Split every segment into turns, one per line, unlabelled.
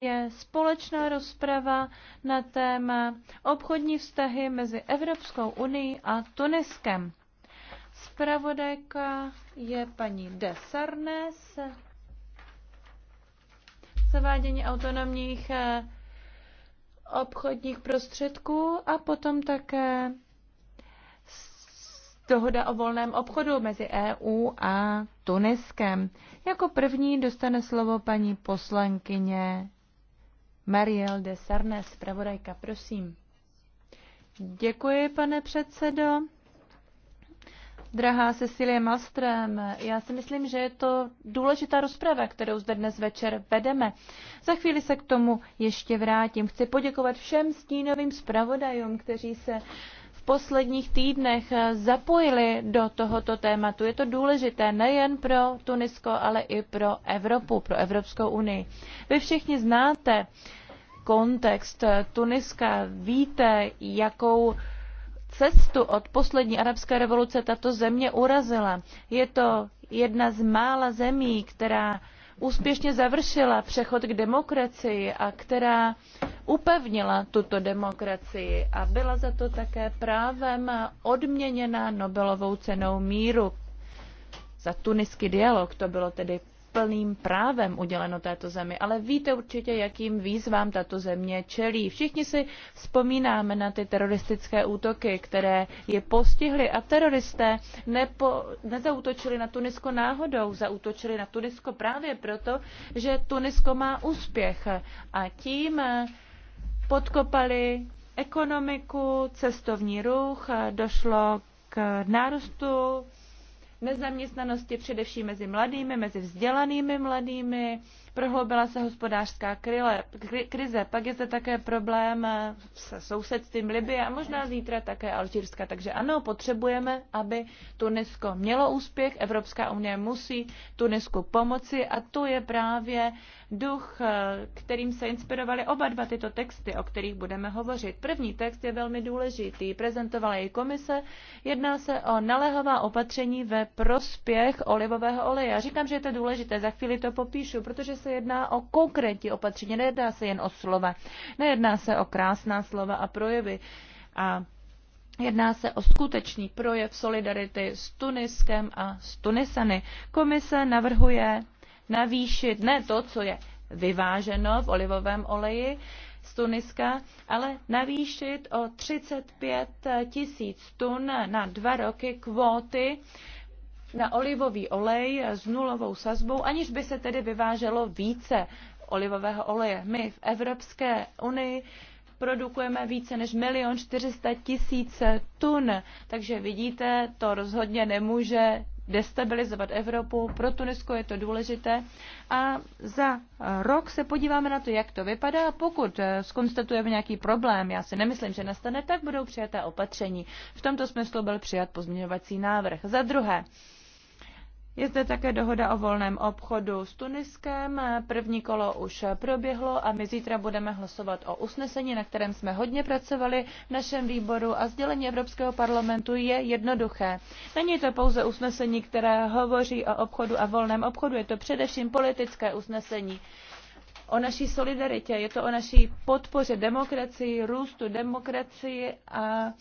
je společná rozprava na téma obchodní vztahy mezi Evropskou unii a Tuniskem. Spravodajka je paní de Sarnes. Zavádění autonomních eh, obchodních prostředků a potom také dohoda o volném obchodu mezi EU a Tuniskem. Jako první dostane slovo paní poslankyně Mariel de Sarnes, zpravodajka, prosím. Děkuji, pane předsedo. Drahá Cecilie Malström, já si myslím, že je to důležitá rozprava, kterou zde dnes večer vedeme. Za chvíli se k tomu ještě vrátím. Chci poděkovat všem stínovým zpravodajům, kteří se uh, posledních týdnech eh, zapojili do tohoto tématu. Je to důležité nejen pro Tunisko, ale i pro Evropu, pro Evropskou unii. Vy všichni znáte kontext eh, Tuniska, víte, jakou cestu od poslední arabské revoluce tato země urazila. Je to jedna z mála zemí, která úspěšně završila přechod k demokracii a která upevnila tuto demokracii a byla za to také právem odměněna Nobelovou cenou míru. Za tuniský dialog to bylo tedy plným právem uděleno této zemi, ale víte určitě, jakým výzvám tato země čelí. Všichni si vzpomínáme na ty teroristické útoky, které je postihly a teroristé nepo, nezautočili na Tunisko náhodou, zautočili na Tunisko právě proto, že Tunisko má úspěch a tím eh, podkopali ekonomiku, cestovní ruch, eh, došlo k nárůstu nezaměstnanosti, především mezi mladými, mezi vzdělanými mladými, prohloubila se hospodářská krile, krize, pak je zde také problém eh, se sousedstvím Libie a možná zítra také Alžírska. Takže ano, potřebujeme, aby Tunisko mělo úspěch, Evropská unie musí Tunisku pomoci a to je právě duch, eh, kterým se inspirovaly oba dva tyto texty, o kterých budeme hovořit. První text je velmi důležitý, prezentovala jej komise, jedná se o nalehová opatření ve prospěch olivového oleje. Já říkám, že je to důležité, za chvíli to popíšu, protože se jedná o konkrétní opatření, nejedná se jen o slova, nejedná se o krásná slova a projevy. A Jedná se o skutečný projev solidarity s Tuniskem a s Tunisany. Komise navrhuje navýšit ne to, co je vyváženo v olivovém oleji z Tuniska, ale navýšit o 35 tisíc tun na dva roky kvóty na olivový olej s nulovou sazbou, aniž by se tedy vyváželo více olivového oleje. My v Evropské unii produkujeme více než milion 400 tisíc tun, takže vidíte, to rozhodně nemůže destabilizovat Evropu. Pro Tunisko je to důležité. A za rok se podíváme na to, jak to vypadá. Pokud skonstatujeme nějaký problém, já si nemyslím, že nastane, tak budou přijaté opatření. V tomto smyslu byl přijat pozměňovací návrh. Za druhé, je zde také dohoda o volném obchodu s Tuniskem. První kolo už proběhlo a my zítra budeme hlasovat o usnesení, na kterém jsme hodně pracovali v našem výboru a sdělení Evropského parlamentu je jednoduché. Není to pouze usnesení, které hovoří o obchodu a volném obchodu, je to především politické usnesení o naší solidaritě, je to o naší podpoře demokracii, růstu demokracii a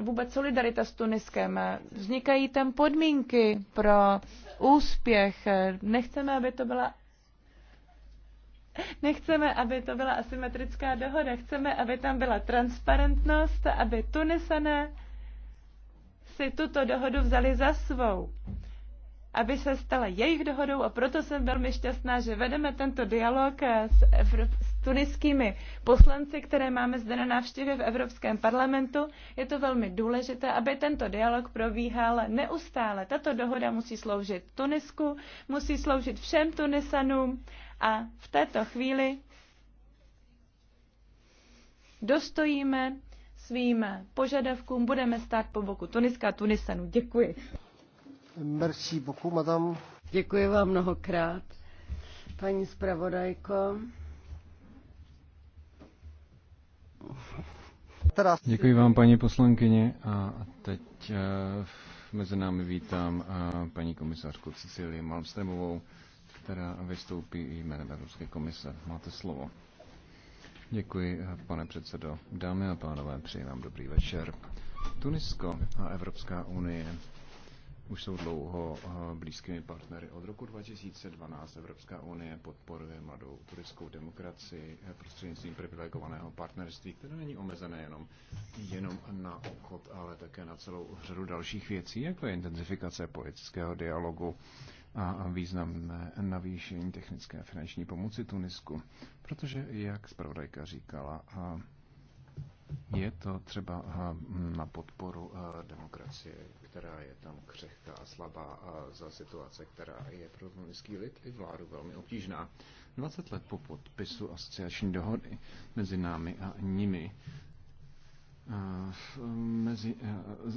vůbec solidarita s Tuniskem. Vznikají tam podmínky pro úspěch. Nechceme, aby to byla Nechceme, aby to byla asymetrická dohoda. Chceme, aby tam byla transparentnost, aby Tunisané si tuto dohodu vzali za svou, aby se stala jejich dohodou a proto jsem velmi šťastná, že vedeme tento dialog s, Evrop- s tuniskými poslanci, které máme zde na návštěvě v Evropském parlamentu. Je to velmi důležité, aby tento dialog probíhal neustále. Tato dohoda musí sloužit Tunisku, musí sloužit všem Tunisanům a v této chvíli dostojíme svým požadavkům,
budeme stát po boku Tuniska a Tunisanů. Děkuji.
Merci beaucoup, madame.
Děkuji vám mnohokrát, paní zpravodajko. Děkuji
vám, paní poslankyně. A teď eh, mezi námi vítám eh, paní komisařku Cecilii Malmstremovou, která vystoupí jménem Evropské komise. Máte slovo. Děkuji, eh, pane předsedo. Dámy a pánové, přeji vám dobrý večer. Tunisko a Evropská unie už jsou dlouho eh, blízkými partnery. Od roku 2012 Evropská unie podporuje mladou turistickou demokracii eh, prostřednictvím privilegovaného partnerství, které není omezené jenom, jenom na obchod, ale také na celou řadu dalších věcí, jako je intenzifikace politického dialogu a významné navýšení technické a finanční pomoci Tunisku. Protože, jak zpravodajka říkala, je to třeba eh, na podporu eh, demokracie, která je tam křehká a slabá a za situace, která je pro rumunský lid i vládu velmi obtížná. 20 let po podpisu asociační dohody mezi námi a nimi, eh, mezi,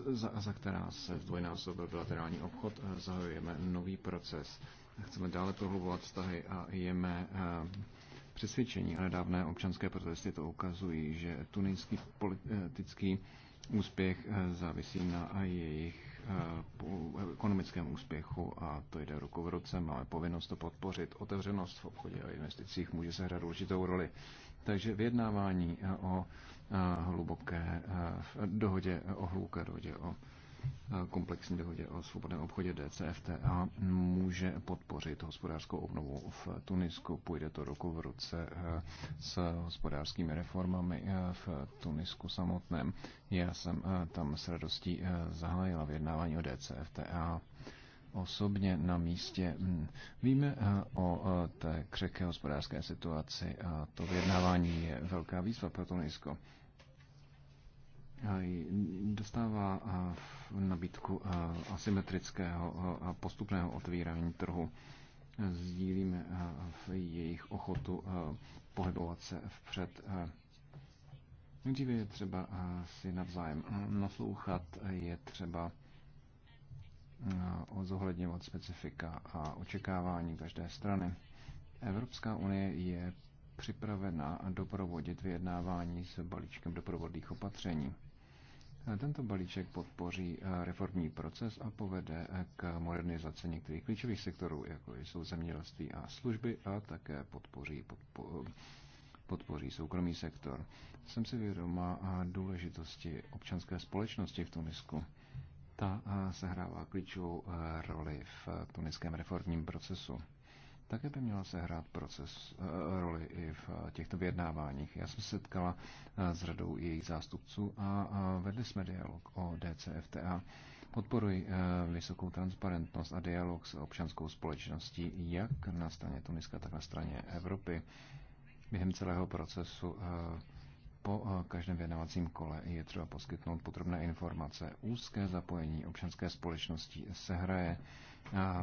za, za která se zdvojnásobil bilaterální obchod, zahajujeme nový proces. Chceme dále prohlubovat vztahy a jeme přesvědčení a nedávné občanské protesty to ukazují, že tunický politický úspěch eh, závisí na jejich eh, ekonomickém úspěchu a to jde ruku v ruce. Máme povinnost to podpořit. Otevřenost v obchodě a investicích může hrát důležitou roli. Takže vyjednávání eh, o hluboké dohodě o hluboké dohodě o komplexní dohodě o svobodném obchodě DCFTA může podpořit hospodářskou obnovu v Tunisku. Půjde to ruku v ruce eh, s hospodářskými reformami eh, v Tunisku samotném. Já jsem eh, tam s radostí zahájila vyjednávání o DCFTA osobně na místě. Mm, víme o té křehké hospodářské situaci a to vyjednávání je velká výzva pro Tunisko dostává nabídku asymetrického a postupného otvírání trhu. Sdílíme v jejich ochotu pohybovat se vpřed. Nejdříve je třeba si navzájem naslouchat, je třeba zohledňovat specifika a očekávání každé strany. Evropská unie je připravena doprovodit vyjednávání s balíčkem doprovodných opatření. Tento balíček podpoří eh, reformní proces a povede eh, k modernizaci některých klíčových sektorů, jako jsou zemědělství a služby, a také podpoří, podpo, podpoří soukromý sektor. Jsem si vědoma eh, důležitosti občanské společnosti v Tunisku. Ta sehrává klíčovou roli v tuniském reformním procesu také by měla sehrát proces eh, roli i v eh, těchto vyjednáváních. Já jsem se setkala eh, s radou jejich zástupců a vedli jsme dialog o DCFTA. Podporuji vysokou transparentnost a dialog s občanskou společností jak na straně Tuniska, tak na straně Evropy. Během celého procesu po každém vědnavacím kole je třeba poskytnout potřebné informace. Úzké zapojení občanské společnosti se hraje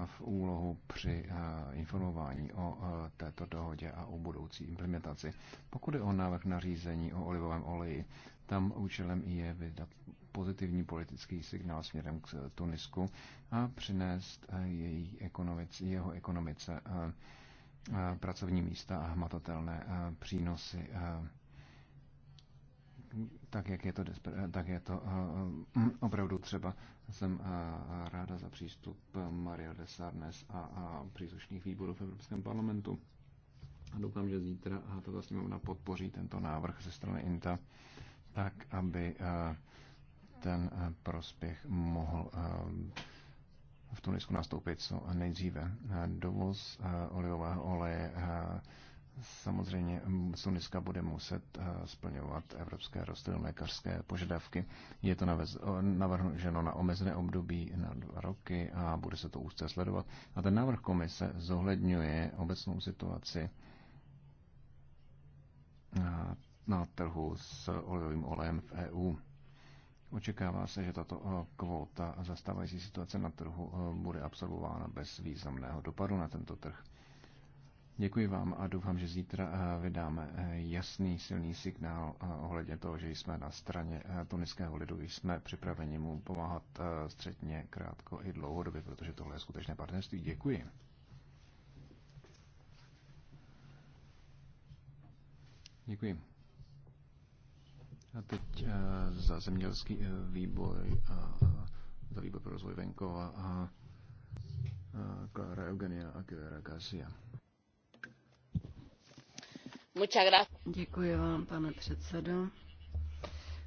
v úlohu při informování o této dohodě a o budoucí implementaci. Pokud je o návrh nařízení o olivovém oleji, tam účelem je vydat pozitivní politický signál směrem k Tunisku a přinést její ekonomice, jeho ekonomice pracovní místa a hmatatelné přínosy tak jak je to, eh, tak je to eh, eh, opravdu třeba. Jsem ráda za přístup Maria de Sarnes a příslušných výborů v Evropském parlamentu. A doufám, že zítra a to vlastně sněmovna podpoří tento návrh ze strany INTA, tak aby ten prospěch mohl v Tunisku nastoupit co nejdříve. Dovoz olivového oleje samozřejmě Tuniska mm, bude muset eh, splňovat evropské lékařské požadavky. Je to navrženo na omezené období na dva roky a bude se to úzce sledovat. A ten návrh komise zohledňuje obecnou situaci eh, na trhu s olejovým olejem v EU. Očekává se, že tato eh, kvóta zastávající situace na trhu bude absolvována bez významného dopadu na tento trh. Děkuji vám a doufám, že zítra eh, vydáme eh, jasný, silný signál eh, ohledně toho, že jsme na straně tuniského lidu, jsme připraveni mu pomáhat středně, krátko i dlouhodobě, protože tohle je skutečné partnerství. Děkuji. Děkuji. A teď za zemědělský výbor a za výbor pro rozvoj venkova a Klára Eugenia a Kivera Garcia.
Děkuji vám, pane předsedo.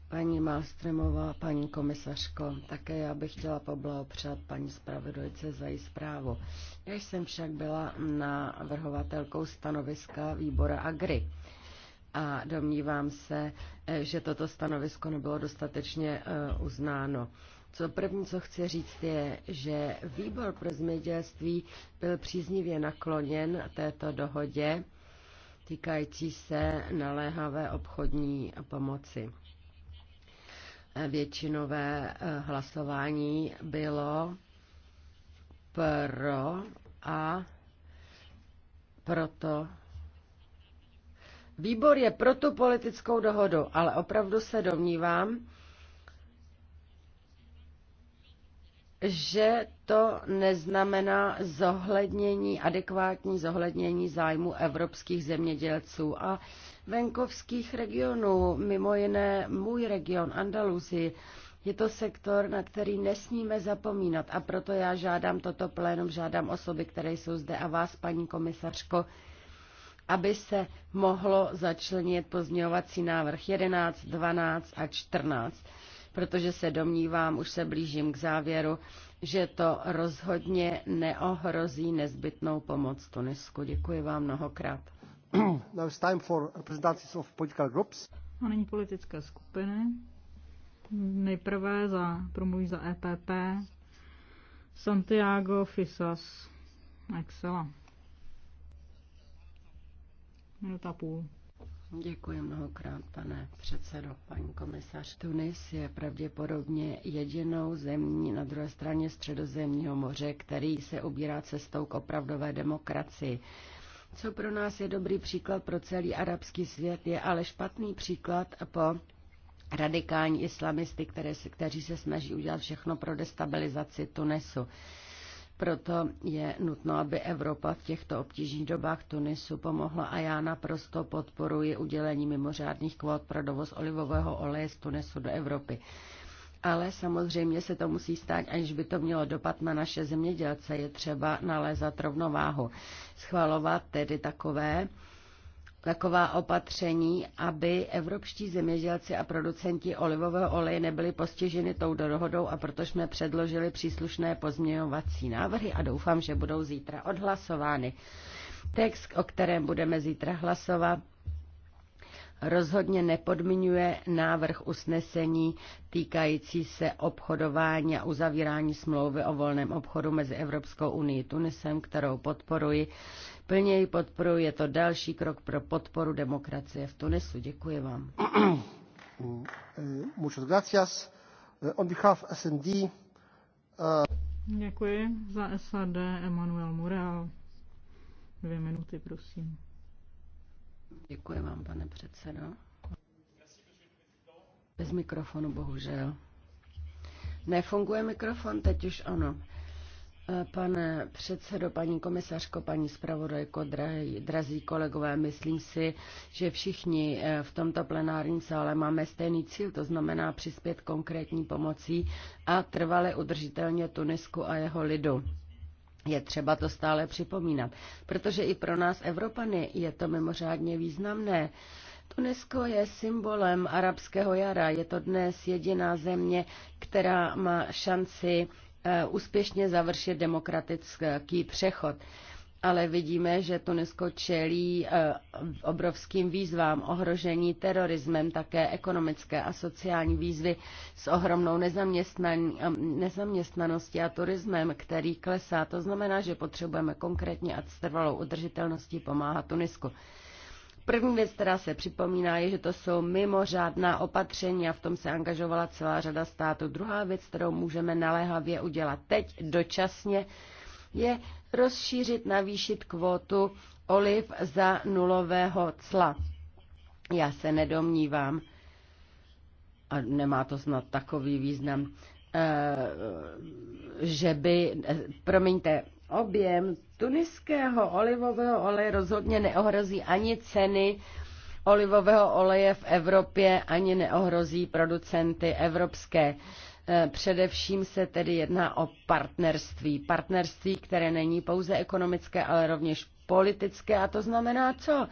Paní Malstremová, paní komisařko, také já bych chtěla poblahopřát paní zpravodajce za její zprávu. Já jsem však byla navrhovatelkou stanoviska výbora Agri a domnívám se, že toto stanovisko nebylo dostatečně eh, uznáno. Co první, co chci říct, je, že výbor pro zemědělství byl příznivě nakloněn této dohodě týkající se naléhavé obchodní pomoci. Většinové eh, hlasování bylo pro a proto. Výbor je pro tu politickou dohodu, ale opravdu se domnívám, že to neznamená zohlednění, adekvátní zohlednění zájmu evropských zemědělců a venkovských regionů, mimo jiné můj region Andaluzi, Je to sektor, na který nesmíme zapomínat a proto já žádám toto plénum, žádám osoby, které jsou zde a vás, paní komisařko, aby se mohlo začlenit pozměňovací návrh 11, 12 a 14 protože se domnívám, už se blížím k závěru, že to rozhodně neohrozí nezbytnou pomoc Tunisku. Děkuji vám mnohokrát. Now it's time for
representatives of political groups.
A nyní politické skupiny. Nejprve za, promluví za EPP Santiago Fisas Excela.
Minuta půl. Děkuji mnohokrát, pane předsedo. Paní komisař, Tunis je pravděpodobně jedinou zemí na druhé straně středozemního moře, který se ubírá cestou k opravdové demokracii. Co pro nás je dobrý příklad pro celý arabský svět, je ale špatný příklad po radikální islamisty, které se, kteří se snaží udělat všechno pro destabilizaci Tunisu. Proto je nutno, aby Evropa v těchto obtížných dobách Tunisu pomohla a já naprosto podporuji udělení mimořádných kvót pro dovoz olivového oleje z Tunisu do Evropy. Ale samozřejmě se to musí stát, aniž by to mělo dopad na naše zemědělce. Je třeba nalézat rovnováhu. Schvalovat tedy takové taková opatření, aby evropští zemědělci a producenti olivového oleje nebyli postiženi tou dohodou a proto jsme předložili příslušné pozměňovací návrhy a doufám, že budou zítra odhlasovány. Text, o kterém budeme zítra hlasovat, rozhodně nepodmiňuje návrh usnesení týkající se obchodování a uzavírání smlouvy o volném obchodu mezi Evropskou unii Tunisem, kterou podporuji Plně ji podporuji, je to další krok pro podporu demokracie v Tunisu. Děkuji vám. Eh, muchas gracias.
Eh, on
behalf SND.
Eh, Děkuji za SAD Emanuel Mural. Dvě minuty, prosím.
Děkuji vám,
pane předsedo. Bez mikrofonu, bohužel. Nefunguje mikrofon, teď už ano. Pane předsedo, paní komisařko, paní zpravodajko, drahý, drazí kolegové, myslím si, že všichni eh, v tomto plenárním sále máme stejný cíl, to znamená přispět konkrétní pomocí a trvale udržitelně Tunisku a jeho lidu. Je třeba to stále připomínat, protože i pro nás Evropany je to mimořádně významné. Tunisko je symbolem arabského jara, je to dnes jediná země, která má šanci Eh, úspěšně završit demokratický přechod. Ale vidíme, že Tunisko čelí eh, obrovským výzvám, ohrožení terorismem, také ekonomické a sociální výzvy s ohromnou nezaměstnaností a turismem, který klesá. To znamená, že potřebujeme konkrétně a s trvalou udržitelností pomáhat Tunisku. První věc, která se připomíná, je, že to jsou mimořádná opatření a v tom se angažovala celá řada států. Druhá věc, kterou můžeme naléhavě udělat teď dočasně, je rozšířit, navýšit kvótu oliv za nulového cla. Já se nedomnívám, a nemá to snad takový význam, eh, že by, eh, promiňte, objem Tuniského olivového oleje rozhodně neohrozí ani ceny olivového oleje v Evropě, ani neohrozí producenty evropské. E, především se tedy jedná o partnerství. Partnerství, které není pouze ekonomické, ale rovněž politické. A to znamená co?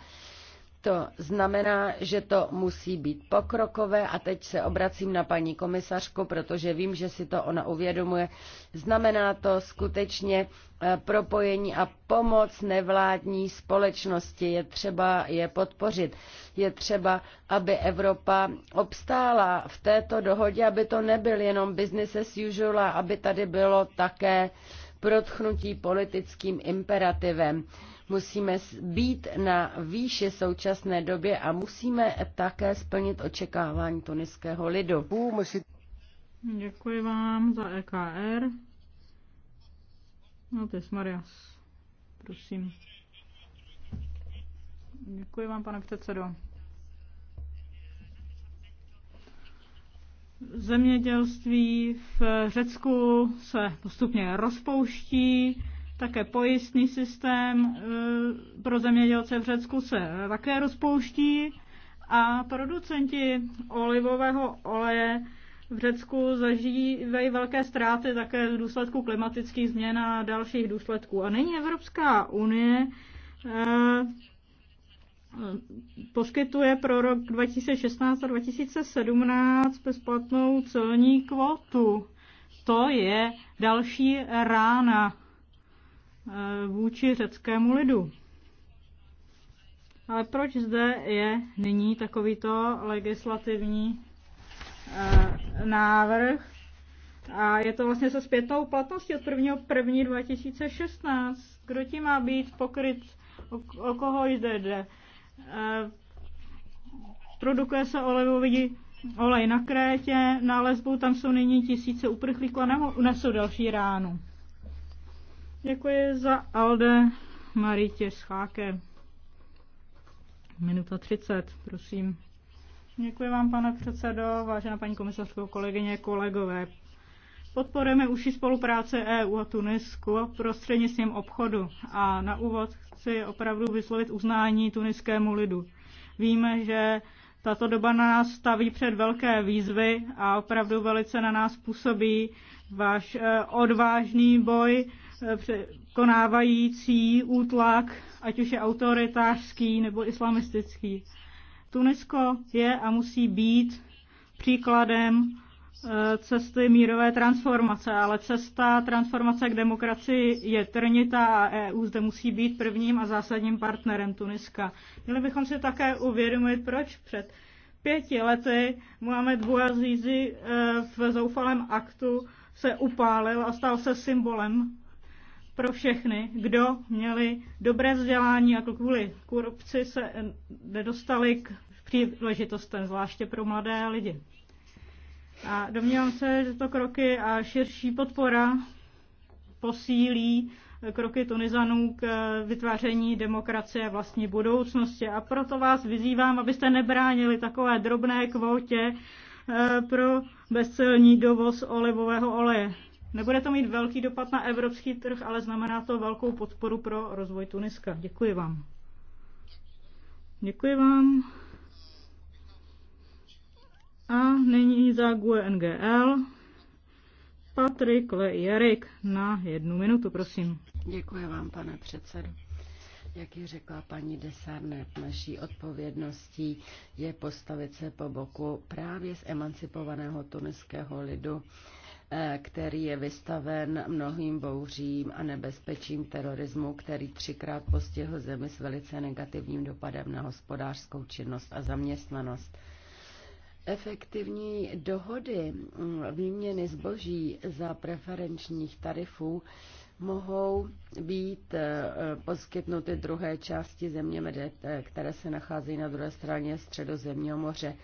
To znamená, že to musí být pokrokové a teď se obracím na paní komisařku, protože vím, že si to ona uvědomuje. Znamená to skutečně eh, propojení a pomoc nevládní společnosti. Je třeba je podpořit. Je třeba, aby Evropa obstála v této dohodě, aby to nebyl jenom business as usual, aby tady bylo také protchnutí politickým imperativem Musíme být na výši současné době a musíme také splnit očekávání tuniského lidu.
Děkuji vám za EKR.
No, to je Marias.
Prosím. Děkuji vám, pane předsedo. Zemědělství v Řecku se postupně rozpouští. Také pojistný systém e, pro zemědělce v Řecku se e, také rozpouští a producenti olivového oleje v Řecku zažívají velké ztráty také v důsledku klimatických změn a dalších důsledků. A nyní Evropská unie e, poskytuje pro rok 2016 a 2017 bezplatnou celní kvotu. To je další rána Eh, vůči řeckému lidu. Ale proč zde je nyní takovýto legislativní eh, návrh? A je to vlastně se zpětnou platností od 1.1.2016. Kdo tím má být pokryt? O, o koho jde? jde? Eh, produkuje se olejový olej na Krétě, na Lesbu tam jsou nyní tisíce uprchlíků a nesou další ránu. Děkuji za Alde Marítě Scháke. Minuta 30, prosím. Děkuji vám, pane předsedo, vážená paní komisařko, kolegyně, kolegové. Podporujeme užší spolupráce EU a Tunisku prostřednictvím obchodu a na úvod chci opravdu vyslovit uznání tuniskému lidu. Víme, že tato doba na nás staví před velké výzvy a opravdu velice na nás působí váš eh, odvážný boj konávající útlak, ať už je autoritářský nebo islamistický. Tunisko je a musí být příkladem eh, cesty mírové transformace, ale cesta transformace k demokracii je trnitá a EU zde musí být prvním a zásadním partnerem Tuniska. Měli bychom si také uvědomit, proč před pěti lety Mohamed Bouazizi eh, v zoufalém aktu se upálil a stal se symbolem pro všechny, kdo měli dobré vzdělání a kvůli korupci se nedostali k příležitostem, zvláště pro mladé lidi. A domnívám se, že to kroky a širší podpora posílí kroky Tunizanů k vytváření demokracie vlastní budoucnosti. A proto vás vyzývám, abyste nebránili takové drobné kvótě eh, pro bezcelní dovoz olivového oleje. Nebude to mít velký dopad na evropský trh, ale znamená to velkou podporu pro rozvoj Tuniska. Děkuji vám. Děkuji vám. A nyní za GUE NGL
Patrik Lejerik na jednu
minutu, prosím.
Děkuji vám, pane předsedo. Jak ji řekla paní Desarnet, naší odpovědností je postavit se po boku právě z emancipovaného tuniského lidu Eh, který je vystaven mnohým bouřím a nebezpečím terorismu, který třikrát postihl zemi s velice negativním dopadem na hospodářskou činnost a zaměstnanost. Efektivní dohody mm, výměny zboží za preferenčních tarifů mohou být eh, poskytnuty druhé části země, eh, které se nacházejí na druhé straně středozemního moře,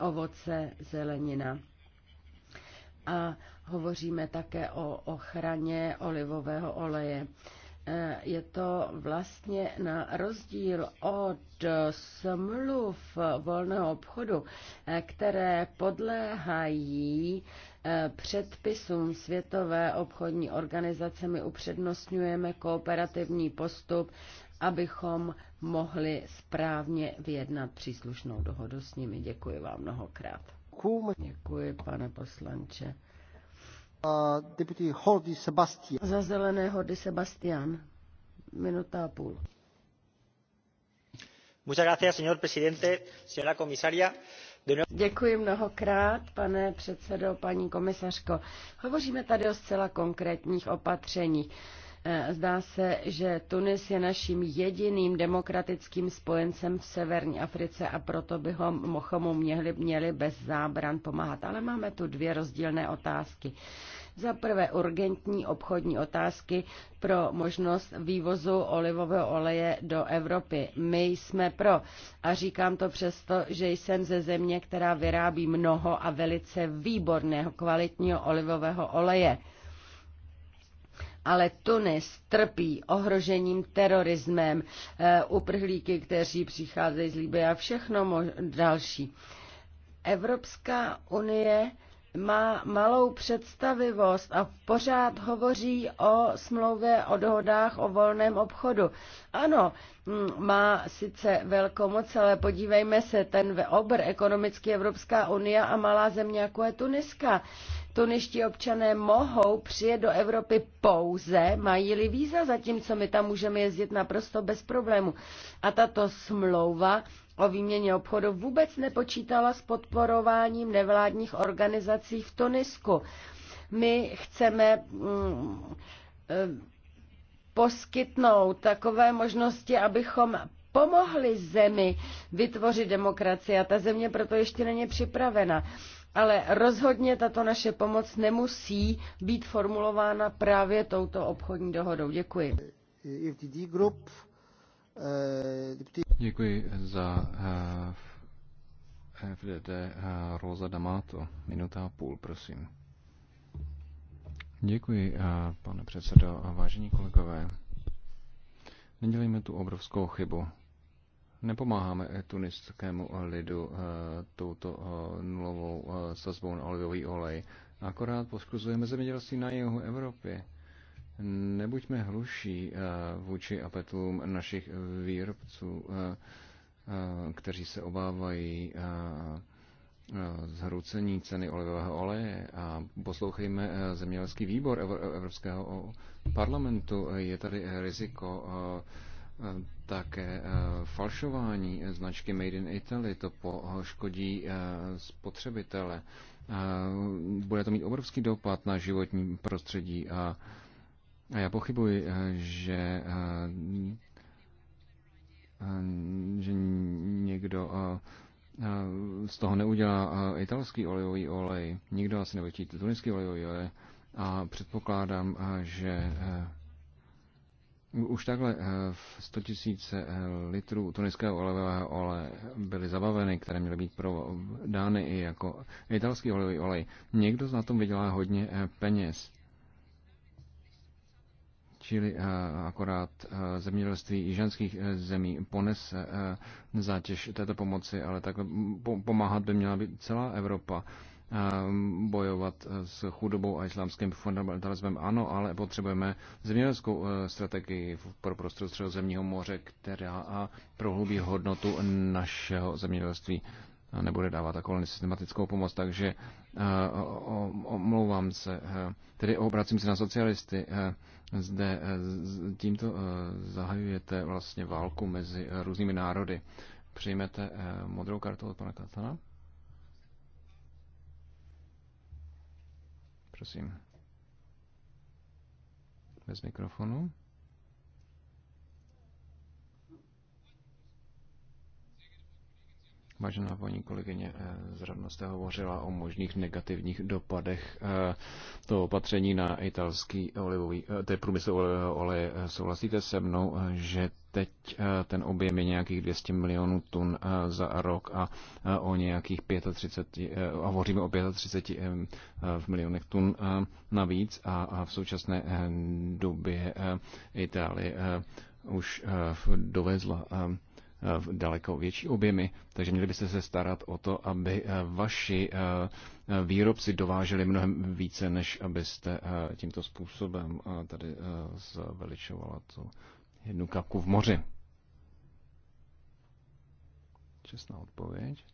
ovoce, zelenina a hovoříme také o ochraně olivového oleje. E, je to vlastně na rozdíl od smluv volného obchodu, e, které podléhají e, předpisům Světové obchodní organizace, my upřednostňujeme kooperativní postup, abychom mohli správně vyjednat příslušnou dohodu s nimi. Děkuji vám mnohokrát. Děkuji, pane poslanče. Uh, deputy Hordy Sebastian. Za zelené Hordy Sebastian. Minuta a půl.
Muchas gracias, señor presidente, señora comisaria.
Děkuji mnohokrát, pane předsedo, paní komisařko. Hovoříme tady o zcela konkrétních opatřeních. Eh, zdá se, že Tunis je naším jediným demokratickým spojencem v severní Africe a proto bychom Mochomu měli, měli bez zábran pomáhat. Ale máme tu dvě rozdílné otázky. Za prvé urgentní obchodní otázky pro možnost vývozu olivového oleje do Evropy. My jsme pro. A říkám to přesto, že jsem ze země, která vyrábí mnoho a velice výborného kvalitního olivového oleje ale Tunis trpí ohrožením terorismem, eh, uprhlíky, kteří přicházejí z Libie a všechno další. Evropská unie má malou představivost a pořád hovoří o smlouvě o dohodách o volném obchodu. Ano, hm, má sice velkou moc, ale podívejme se, ten obr ekonomicky Evropská unie a malá země jako je Tuniska. Tuniští občané mohou přijet do Evropy pouze, mají-li víza, zatímco my tam můžeme jezdit naprosto bez problému. A tato smlouva o výměně obchodu vůbec nepočítala s podporováním nevládních organizací v Tunisku. My chceme mm, eh, poskytnout takové možnosti, abychom pomohli zemi vytvořit demokracii a ta země proto ještě není připravena ale rozhodně tato naše pomoc nemusí být formulována právě touto obchodní dohodou. Děkuji. Eh,
Děkuji za eh, FDD eh, Rosa D'Amato. Minuta a půl, prosím. Děkuji, pane předsedo a vážení kolegové. Nedělejme tu obrovskou chybu. Nepomáháme tuniskému lidu eh, touto eh, nulovou eh, sazbou na olivový olej, akorát poskuzujeme zemědělství na jihu Evropy. Nebuďme hluší vůči apetům našich výrobců, kteří se obávají zhroucení ceny olivového oleje a poslouchejme zemědělský výbor Evropského parlamentu. Je tady riziko Eh, také eh, falšování eh, značky Made in Italy, to poškodí spotřebitele. Bude to mít obrovský dopad na životní prostředí a já pochybuji, že, že někdo z toho neudělá italský olejový olej. Nikdo asi nebude chtít tuniský olejový olej. A předpokládám, že už takhle 100 eh, 000 eh, litrů tuniského olejového oleje byly zabaveny, které měly být dány i jako italský olejový olej. Někdo na tom vydělá hodně eh, peněz. Čili akorát zemědělství jižanských zemí ponese zátěž této pomoci, ale tak mm, pomáhat by měla být celá Evropa. Ehm, bojovat eh, s chudobou a islámským fundamentalismem. Ano, ale potřebujeme zemědělskou eh, strategii pro prostor středozemního moře, která prohlubí hodnotu našeho zemědělství a nebude dávat takovou systematickou pomoc. Takže eh, omlouvám se, tedy obracím se na socialisty. Zde tímto zahajujete vlastně válku mezi různými národy. Přijmete modrou kartu od pana Katana? prosím. Bez mikrofonu. Vážená paní kolegyně, eh, zrovna jste hovořila o možných negativních dopadech eh, toho opatření na italský olivový, eh, to je průmysl olivového oleje. Souhlasíte se mnou, že teď ten objem je nějakých 200 milionů tun za rok a o nějakých 35, a hovoříme o 35 v milionech tun navíc a v současné době Itálie už dovezla v daleko větší objemy, takže měli byste se starat o to, aby eh, vaši eh, výrobci dováželi mnohem více, než abyste eh, tímto způsobem tady zveličovala tu jednu kapku v moři. Čestná odpověď.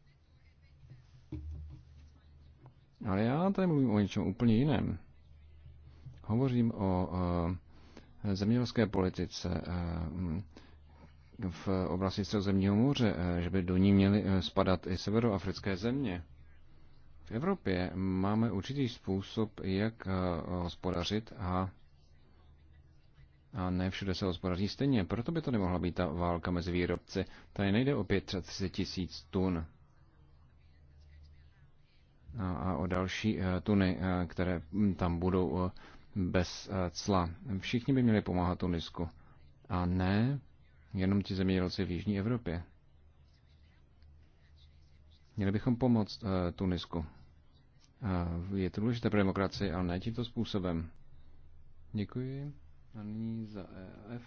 Ale já tady mluvím o něčem úplně jiném. Hovořím o zemědělské politice, v oblasti Středozemního moře, eh, že by do ní měly eh, spadat i severoafrické země. V Evropě máme určitý způsob, jak eh, hospodařit a, a ne všude se hospodaří stejně. Proto by to nemohla být ta válka mezi výrobci. Tady nejde o 530 tisíc tun a, a o další tuny, které tam budou bez cla. Všichni by měli pomáhat Tunisku. A ne Jenom ti zemědělci v Jižní Evropě. Měli bychom pomoct uh, Tunisku. Uh, je to důležité pro demokracii, ale ne tímto způsobem. Děkuji. A nyní za EF.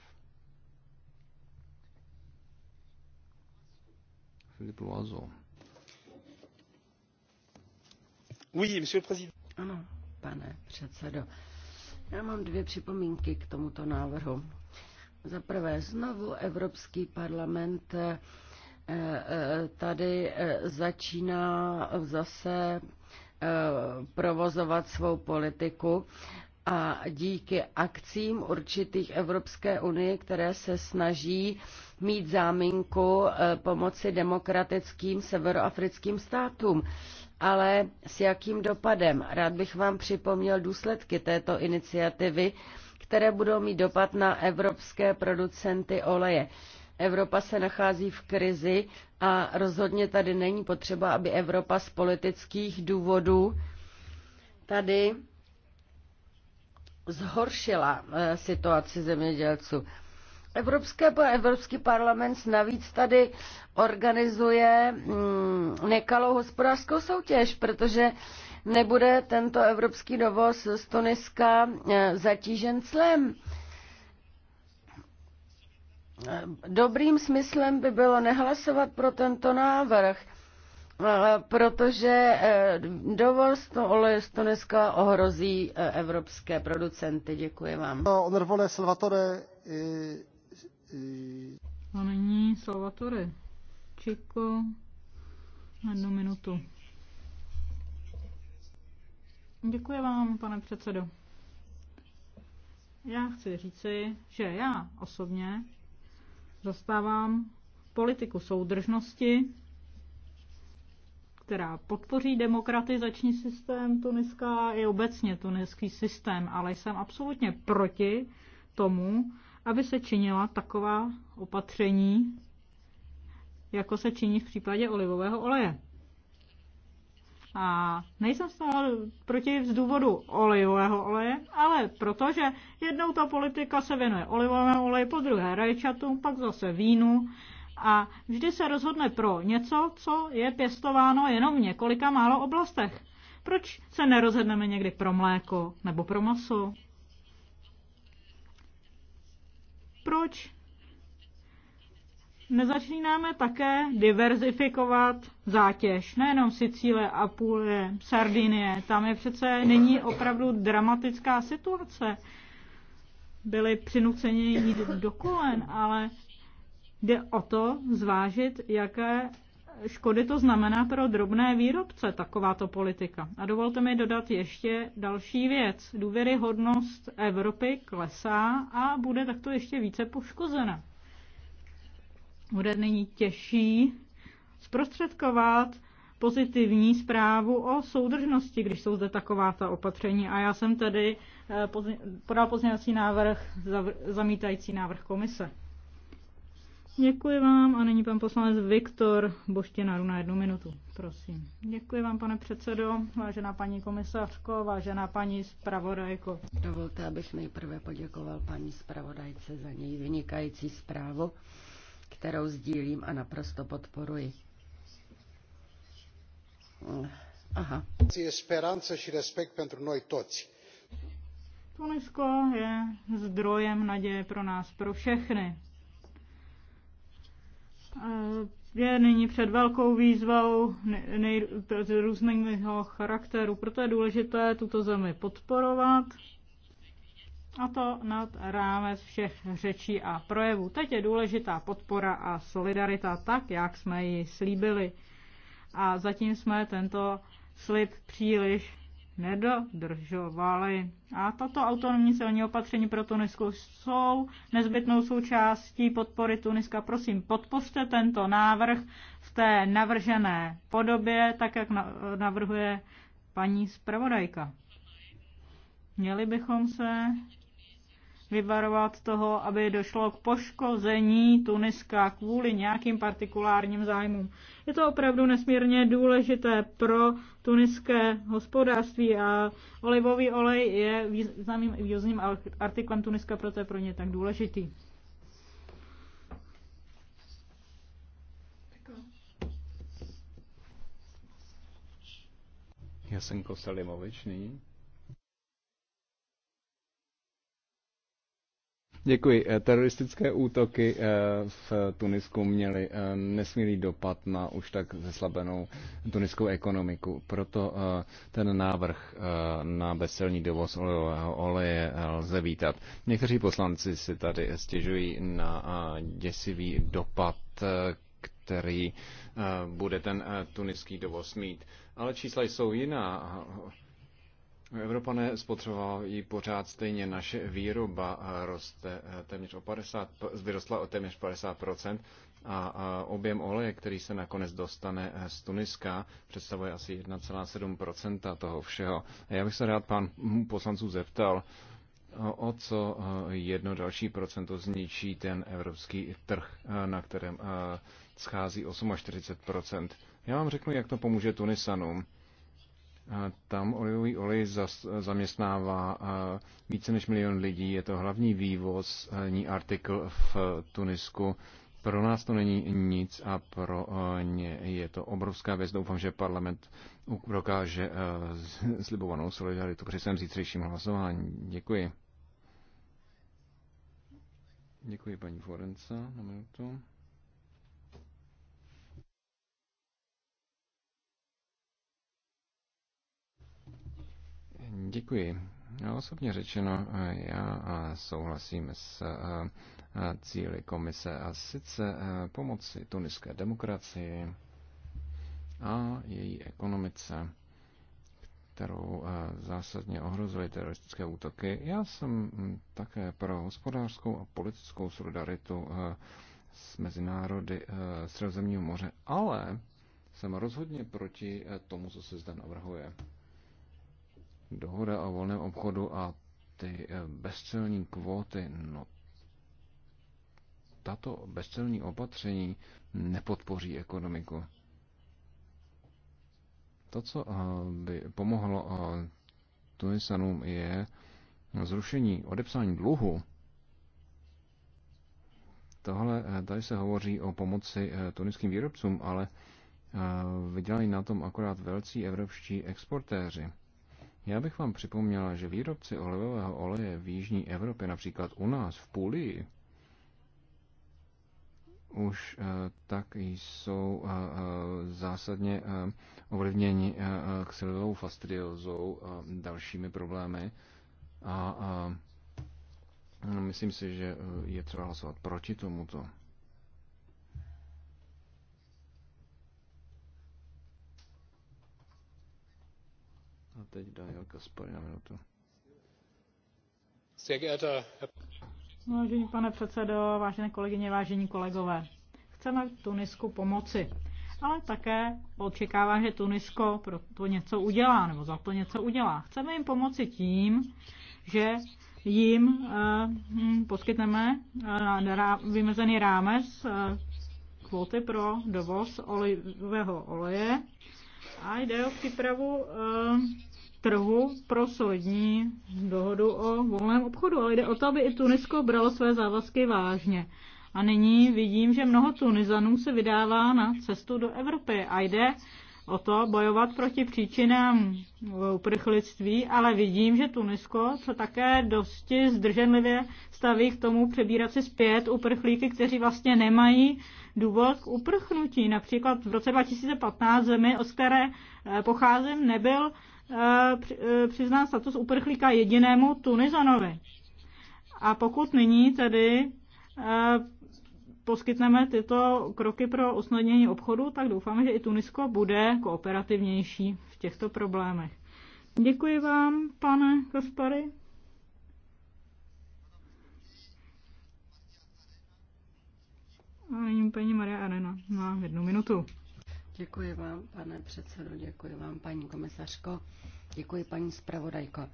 Filip Loazo.
Oui, monsieur le président. Ano, pane předsedo. Já mám dvě připomínky k tomuto návrhu. Za prvé, znovu Evropský parlament eh, eh, tady eh, začíná zase provozovat svou politiku a díky akcím určitých Evropské unie, které se snaží mít záminku pomoci demokratickým severoafrickým státům. Ale s jakým dopadem? Rád bych vám připomněl důsledky této iniciativy, které budou mít dopad na evropské producenty oleje. Evropa se nachází v krizi a rozhodně tady není potřeba, aby Evropa z politických důvodů tady zhoršila eh, situaci zemědělců. Evropské, Evropský parlament navíc tady organizuje mm, nekalou hospodářskou soutěž, protože nebude tento evropský dovoz z Tuniska e, zatížen clem. Dobrým smyslem by bylo nehlasovat pro tento návrh, e, protože e, dovoz to oleje z Tuniska ohrozí evropské producenty. Děkuji vám.
No, Salvatore,
a no nyní Salvatore Čiko
na jednu minutu.
Děkuji vám, pane předsedo. Já chci říci, že já osobně zastávám politiku soudržnosti, která podpoří demokratizační systém Tuniska i obecně tuniský systém, ale jsem absolutně proti tomu, aby se činila taková opatření, jako se činí v případě olivového oleje. A nejsem toho proti z důvodu olivového oleje, ale protože jednou ta politika se věnuje olivovému oleji, po druhé rajčatu, pak zase vínu a vždy se rozhodne pro něco, co je pěstováno jenom v několika málo oblastech. Proč se nerozhodneme někdy pro mléko nebo pro maso? Proč nezačínáme také diverzifikovat zátěž, nejenom Sicíle, Apulie, Sardinie, tam je přece není opravdu dramatická situace. Byli přinuceni jít do kolen, ale jde o to zvážit, jaké škody to znamená pro drobné výrobce takováto politika. A dovolte mi dodat ještě další věc. Důvěryhodnost Evropy klesá a bude takto ještě více poškozena. Bude nyní těžší zprostředkovat pozitivní zprávu o soudržnosti, když jsou zde taková ta opatření. A já jsem tedy eh, podal pozměňovací návrh, zamítající návrh komise. Děkuji vám a nyní pan poslanec Viktor Boštěnaru na jednu minutu. Prosím. Děkuji vám, pane předsedo, vážená paní komisařko, vážená paní
zpravodajko. Dovolte, abych nejprve poděkoval paní zpravodajce za její vynikající zprávu, kterou sdílím a naprosto podporuji. Aha.
Speranță și respect pentru noi toți.
Tunisko je zdrojem naděje pro nás, pro všechny Eh, je nyní před velkou výzvou nej, různého charakteru. Proto je důležité tuto zemi podporovat a to nad rámec všech řečí a projevů. Teď je důležitá podpora a solidarita tak, jak jsme ji slíbili. A zatím jsme tento slib příliš nedodržovaly. A tato autonomní silní opatření pro Tunisko jsou nezbytnou součástí podpory Tuniska. Prosím, podpořte tento návrh v té navržené podobě, tak jak navrhuje paní zpravodajka. Měli bychom se vyvarovat toho, aby došlo k poškození Tuniska kvůli nějakým partikulárním zájmům. Je to opravdu nesmírně důležité pro tuniské hospodářství a olivový olej je významným výrozným artiklem Tuniska, proto je pro ně tak důležitý.
Já jsem Kosalimovič nyní. Děkuji. Eh, teroristické útoky eh, v Tunisku měly eh, nesmírný dopad na už tak zeslabenou tuniskou ekonomiku. Proto ten návrh na bezcelní dovoz olejového oleje lze vítat. Někteří poslanci si tady stěžují na děsivý dopad, který bude ten tuniský dovoz mít. Ale čísla jsou jiná Evropané spotřebovávají pořád stejně. Naše výroba eh, roste eh, téměř o 50, vyrostla o téměř 50% a objem oleje, který se nakonec dostane eh, z Tuniska, představuje asi 1,7% toho všeho. Já bych se rád pán poslanců zeptal, o co jedno další procento zničí ten evropský trh, na kterém schází 48%. Já vám řeknu, jak to pomůže Tunisanům tam olivový olej zaměstnává více než milion lidí. Je to hlavní vývozní artikl v Tunisku. Pro nás to není nic a pro ně je to obrovská věc. Doufám, že parlament dokáže slibovanou solidaritu při svém zítřejším hlasování. Děkuji. Děkuji paní Florence na minutu. Děkuji. No, osobně řečeno, eh, já eh, souhlasím s eh, cíly komise a sice pomoci tuniské demokracii a její ekonomice, kterou zásadně ohrozily teroristické útoky. Já jsem hm, také pro hospodářskou a politickou solidaritu s mezinárody Středozemního moře, ale jsem rozhodně proti tomu, co se zde navrhuje dohoda o volném obchodu a ty eh, bezcelní kvóty, no tato bezcelní opatření nepodpoří ekonomiku. To, co eh, by pomohlo eh, Tunisanům, je zrušení odepsání dluhu. Tohle, tady se hovoří o pomoci tuniským výrobcům, ale vydělají na tom akorát velcí evropští exportéři. Já bych vám připomněla, že výrobci olivového oleje v Jižní Evropě, například u nás v Půlii, už eh, tak jsou eh, eh, zásadně ovlivněni ksilovou fastidiozou a dalšími problémy. A myslím si, že je třeba hlasovat proti tomuto. A teď Daniel na minutu.
Vážený pane předsedo, vážené kolegyně, vážení kolegové, chceme Tunisku pomoci, ale také očekávám, že Tunisko pro to něco udělá, nebo za to něco udělá. Chceme jim pomoci tím, že jim eh, hm, poskytneme eh, vymezený rámec eh, kvóty pro dovoz olivového oleje a jde o přípravu trhu pro solidní dohodu o volném obchodu, ale jde o to, aby i Tunisko bralo své závazky vážně. A nyní vidím, že mnoho Tunizanů se vydává na cestu do Evropy a jde o to bojovat proti příčinám uprchlictví, ale vidím, že Tunisko se také dosti zdrženlivě staví k tomu přebírat si zpět uprchlíky, kteří vlastně nemají důvod k uprchnutí. Například v roce 2015 zemi, od které eh, pocházím, nebyl E, přizná status uprchlíka jedinému Tunizanovi. A pokud nyní tedy e, poskytneme tyto kroky pro usnadnění obchodu, tak doufáme, že i Tunisko bude kooperativnější v těchto problémech. Děkuji vám, pane Kaspary.
A nyní paní Maria Arena má jednu minutu. Děkuji vám, pane předsedo, děkuji vám, paní komisařko, děkuji paní zpravodajko.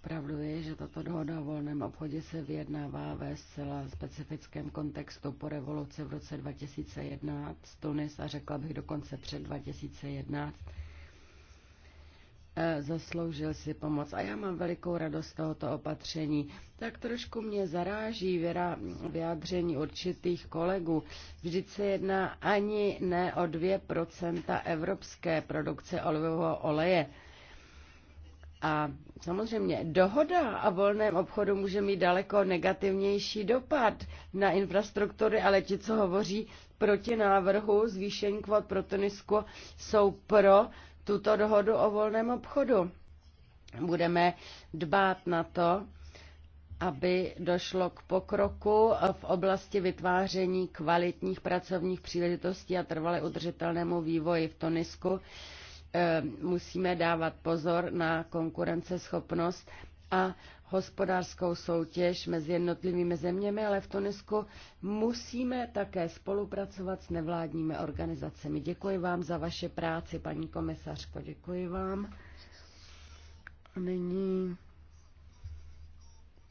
Pravdu je, že tato dohoda o volném obchodě se vyjednává ve zcela specifickém kontextu po revoluci v roce 2011 Tunis a řekla bych dokonce před 2011 E, zasloužil si pomoc. A já mám velikou radost z tohoto opatření. Tak trošku mě zaráží vyjádření určitých kolegů. Vždyť se jedná ani ne o 2% evropské produkce olivového oleje. A samozřejmě dohoda a volném obchodu může mít daleko negativnější dopad na infrastruktury, ale ti, co hovoří proti návrhu zvýšení kvot pro Tunisko, jsou pro tuto dohodu o volném obchodu. Budeme dbát na to, aby došlo k pokroku v oblasti vytváření kvalitních pracovních příležitostí a trvale udržitelnému vývoji v Tunisku. Eh, musíme dávat pozor na konkurenceschopnost a hospodářskou soutěž mezi jednotlivými zeměmi, ale v Tunisku musíme také spolupracovat s nevládními organizacemi. Děkuji vám za vaše práci, paní komisařko, děkuji vám. Nyní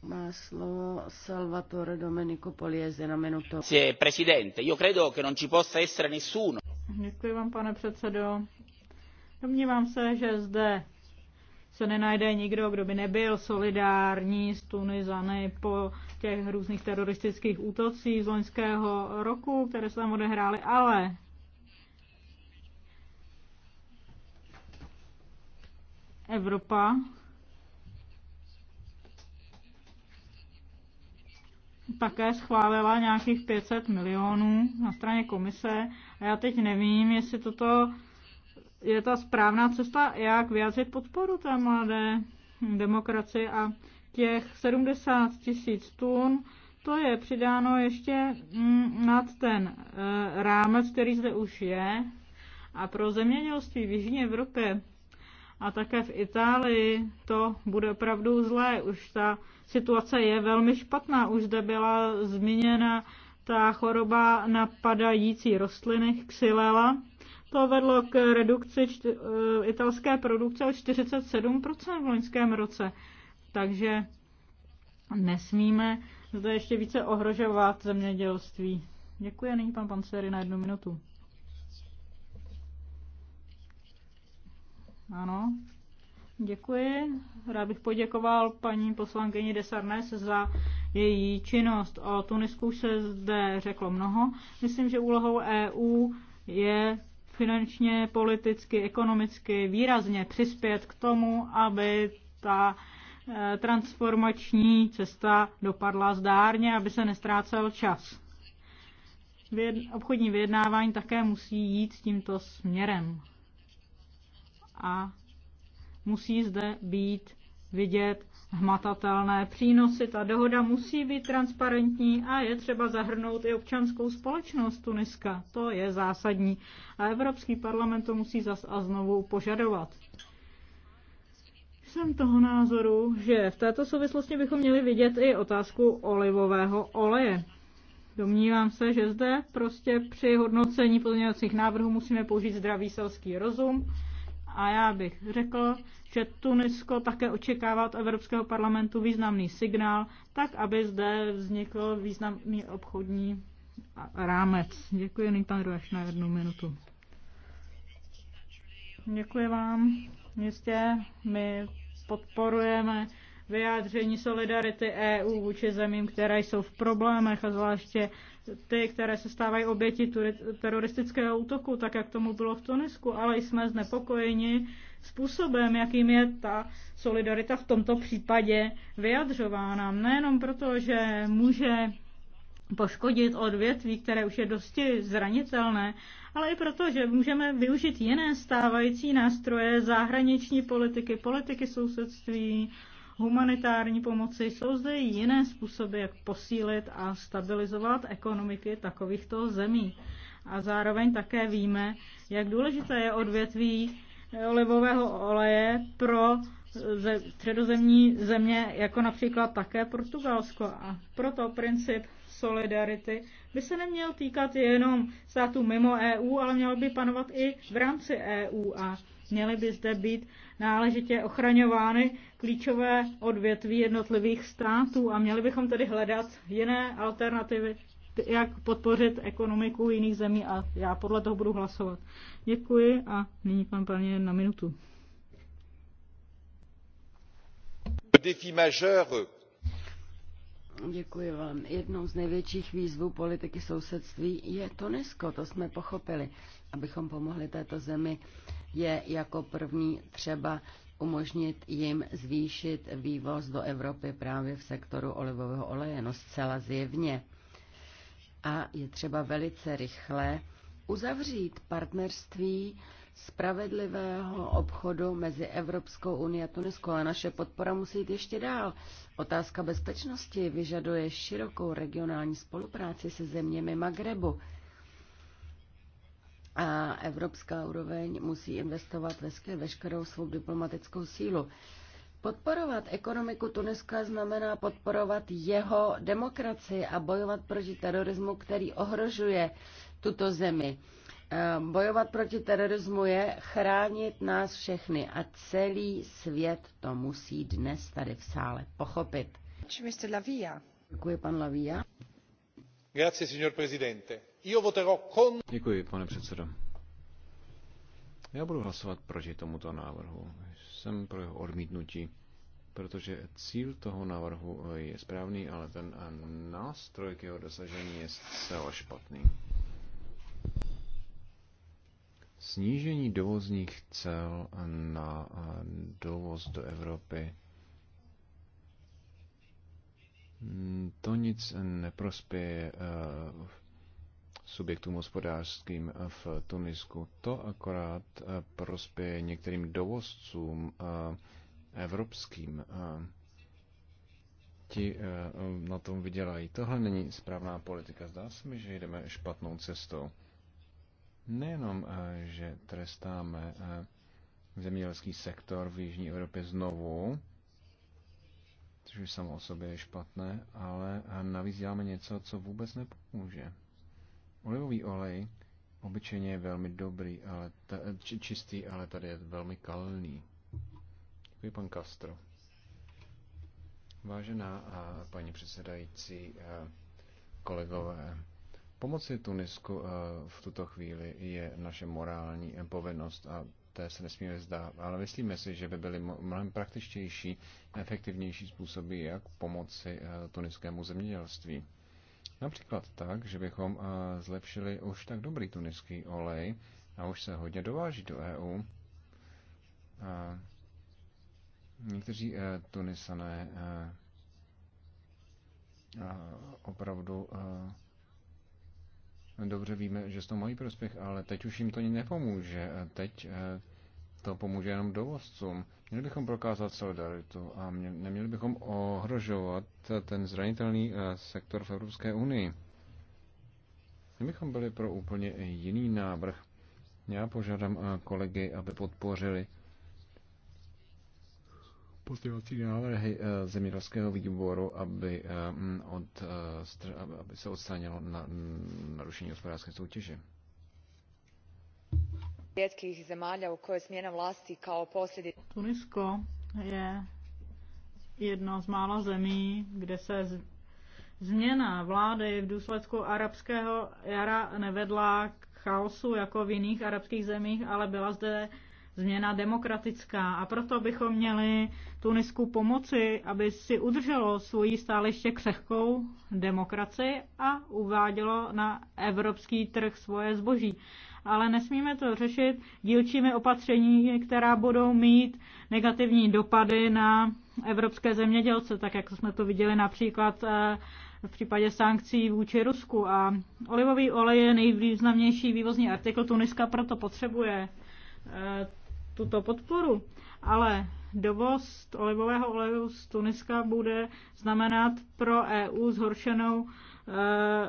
má slovo Salvatore Domenico Poliese na minutu.
Presidente, io credo che non ci possa essere nessuno.
Děkuji vám, pane předsedo.
Domnívám se, že zde se nenajde nikdo, kdo by nebyl solidární s Tunizany po těch různých teroristických útocích z loňského roku, které se tam odehrály, ale Evropa také schválila nějakých 500 milionů na straně komise a já teď nevím, jestli toto je ta správná cesta, jak vyjádřit podporu té mladé demokracie a těch 70 tisíc tun, to je přidáno ještě mm, nad ten eh, rámec, který zde už je. A pro zemědělství v Jižní Evropě a také v Itálii to bude opravdu zlé. Už ta situace je velmi špatná. Už zde byla zmíněna ta choroba napadající rostliny, Xylela. To vedlo k redukci čty, eh, italské produkce o 47% v loňském roce. Takže nesmíme zde ještě více ohrožovat zemědělství. Děkuji a nyní pan Panceri na jednu minutu. Ano, děkuji. Rád bych poděkoval paní poslankyni Desarnes za její činnost. O Tunisku se zde řeklo mnoho. Myslím, že úlohou EU je finančně, politicky, ekonomicky výrazně přispět k tomu, aby ta eh, transformační cesta dopadla zdárně, aby se nestrácel čas. Obchodní vyjednávání také musí jít tímto směrem. A musí zde být vidět hmatatelné přínosy. Ta dohoda musí být transparentní a je třeba zahrnout i občanskou společnost Tuniska. To je zásadní a Evropský parlament to musí zas a znovu požadovat. Jsem toho názoru, že v této souvislosti bychom měli vidět i otázku olivového oleje. Domnívám se, že zde prostě při hodnocení pozměňovacích návrhů musíme použít zdravý selský rozum a já bych řekl, že Tunisko také očekává od Evropského parlamentu významný signál, tak aby zde vznikl významný obchodní rámec. Děkuji, nyní pan Ruaš, na jednu minutu. Děkuji vám. Jistě my podporujeme vyjádření solidarity EU vůči zemím, které jsou v problémech a zvláště ty, které se stávají oběti teroristického útoku, tak jak tomu bylo v Tunisku, ale jsme znepokojeni způsobem, jakým je ta solidarita v tomto případě vyjadřována. Nejenom proto, že může poškodit odvětví, které už je dosti zranitelné, ale i proto, že můžeme využít jiné stávající nástroje zahraniční politiky, politiky sousedství, humanitární pomoci, jsou zde jiné způsoby, jak posílit a stabilizovat ekonomiky takovýchto zemí. A zároveň také víme, jak důležité je odvětví olivového oleje pro ze středozemní země, jako například také Portugalsko. A proto princip solidarity by se neměl týkat jenom států mimo EU, ale měl by panovat i v rámci EU a měly by zde být náležitě ochraňovány klíčové odvětví jednotlivých států a měli bychom tedy hledat jiné alternativy, jak podpořit ekonomiku jiných zemí a já podle toho budu hlasovat. Děkuji a nyní pan paní na minutu.
Děkuji vám. Jednou z největších výzvů politiky sousedství je Tunisko, to jsme pochopili, abychom pomohli této zemi je jako první třeba umožnit jim zvýšit vývoz do Evropy právě v sektoru olivového oleje, no zcela zjevně. A je třeba velice rychle uzavřít partnerství spravedlivého obchodu mezi Evropskou unii a Tuniskou, A naše podpora musí jít ještě dál. Otázka bezpečnosti vyžaduje širokou regionální spolupráci se zeměmi Magrebu a evropská úroveň musí investovat ve veškerou svou diplomatickou sílu. Podporovat ekonomiku Tuniska znamená podporovat jeho demokracii a bojovat proti terorismu, který ohrožuje tuto zemi. Eh, bojovat proti terorismu je chránit nás všechny a celý svět to musí dnes tady v sále pochopit. Děkuji, pan Lavia.
Děkuji, pane předsedo. Já budu hlasovat proti tomuto návrhu. Jsem pro jeho odmítnutí, protože cíl toho návrhu je správný, ale ten nástroj k jeho dosažení je zcela špatný. Snížení dovozních cel na dovoz do Evropy Mm, to nic neprospěje eh, subjektům hospodářským v Tunisku. To akorát eh, prospěje některým dovozcům eh, evropským. Ti na tom vydělají. Tohle není správná politika. Zdá se mi, že jdeme špatnou cestou. Nejenom, že trestáme zemědělský sektor v Jižní Evropě znovu, což už samo o sobě je špatné, ale navíc děláme něco, co vůbec nepomůže. Olivový olej obyčejně je velmi dobrý, ale t- či- čistý, ale tady je velmi kalný. Děkuji, pan Castro. Vážená a paní předsedající, kolegové, pomoci Tunisku v tuto chvíli je naše morální povinnost a té se nesmíme vzdát, ale myslíme si, že by byly mnohem praktičtější, efektivnější způsoby, jak pomoci eh, tuniskému zemědělství. Například tak, že bychom eh, zlepšili už tak dobrý tuniský olej a už se hodně dováží do EU. A někteří eh, tunisané opravdu dobře víme, že z toho mají prospěch, ale teď už jim to nepomůže. Teď eh, to pomůže jenom dovozcům. Měli bychom prokázat solidaritu a mě, neměli bychom ohrožovat ten zranitelný eh, sektor v Evropské unii. My bychom byli pro úplně jiný návrh. Já požádám eh, kolegy, aby podpořili pozdělovací návrhy eh, zemědělského výboru, aby, eh, mm, od, eh, aby se odstranilo na, mm, narušení hospodářské soutěže.
Světských zemália, u koje změna vlasti kao posljedica... Tunisko
je jedno z mála zemí, kde se z... změna vlády v důsledku arabského jara nevedla k chaosu jako v jiných arabských zemích, ale byla zde změna demokratická a proto bychom měli Tunisku pomoci, aby si udrželo svoji stále ještě křehkou demokracii a uvádělo na evropský trh svoje zboží. Ale nesmíme to řešit dílčími opatřeními, která budou mít negativní dopady na evropské zemědělce, tak jak jsme to viděli například eh, v případě sankcí vůči Rusku. A olivový olej je nejvýznamnější vývozní artikl Tuniska, proto potřebuje eh, tuto podporu, ale dovoz olivového oleju z Tuniska bude znamenat pro EU zhoršenou eh,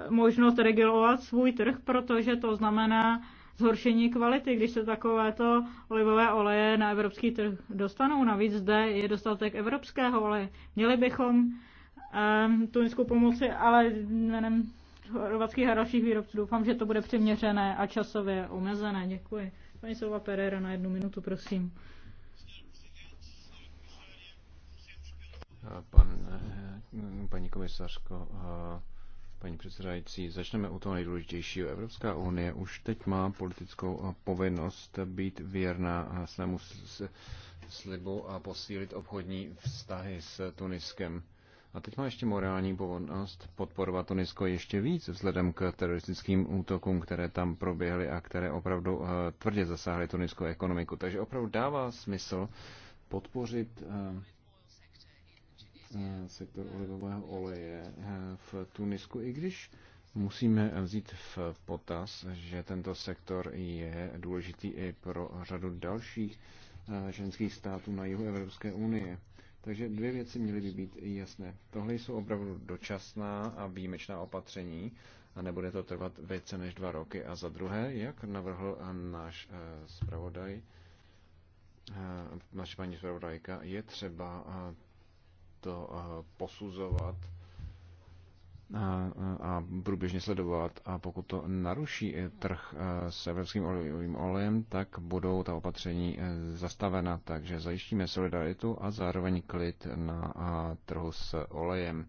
možnost regulovat svůj trh, protože to znamená zhoršení kvality, když se takovéto olivové oleje na evropský trh dostanou. Navíc zde je dostatek evropského oleje. Měli bychom e, Tunisku pomoci, ale jménem chorvatských a dalších výrobců doufám, že to bude přiměřené a časově omezené. Děkuji. Pani Silva Pereira na jednu minutu, prosím.
Pan, eh, paní komisařko, eh, paní předsedající, začneme u toho nejdůležitějšího. Evropská unie už teď má politickou povinnost být věrná svému slibu a posílit obchodní vztahy s Tuniskem a teď má ještě morální povodnost podporovat Tunisko ještě víc vzhledem k teroristickým útokům, které tam proběhly a které opravdu eh, tvrdě zasáhly tuniskou ekonomiku. Takže opravdu dává smysl podpořit eh, eh, sektor olivového oleje v Tunisku, i když musíme vzít v potaz, že tento sektor je důležitý i pro řadu dalších ženských států na jihu Evropské unie. Takže dvě věci měly by být jasné. Tohle jsou opravdu dočasná a výjimečná opatření a nebude to trvat více než dva roky. A za druhé, jak navrhl náš eh, zpravodaj, eh, naše paní zpravodajka, je třeba eh, to posuzovat a, a průběžně sledovat. A pokud to naruší trh e, s evropským olivovým olejem, tak budou ta opatření e, zastavena. Takže zajištíme solidaritu a zároveň klid na trhu s olejem.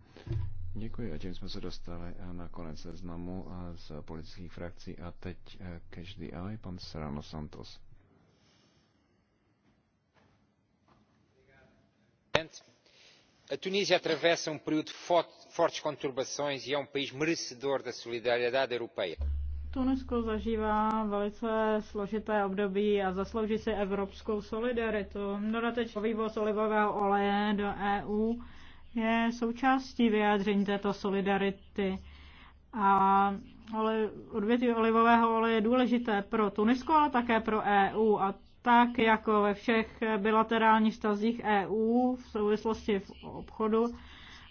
Děkuji a tím jsme se dostali e, na konec seznamu z politických frakcí a teď každý aj pan Serrano Santos. a tunísia atravessa um período de fortes conturbações e é um país merecedor da solidariedade europeia.
Tunisko zažívá velice složité období a zaslouží si evropskou solidaritu. Dodatečný vývoz olivového oleje do EU je součástí vyjádření této solidarity. A odvětví olivového oleje je důležité pro Tunisko, ale také pro EU. A tak jako ve všech bilaterálních stazích EU v souvislosti v obchodu,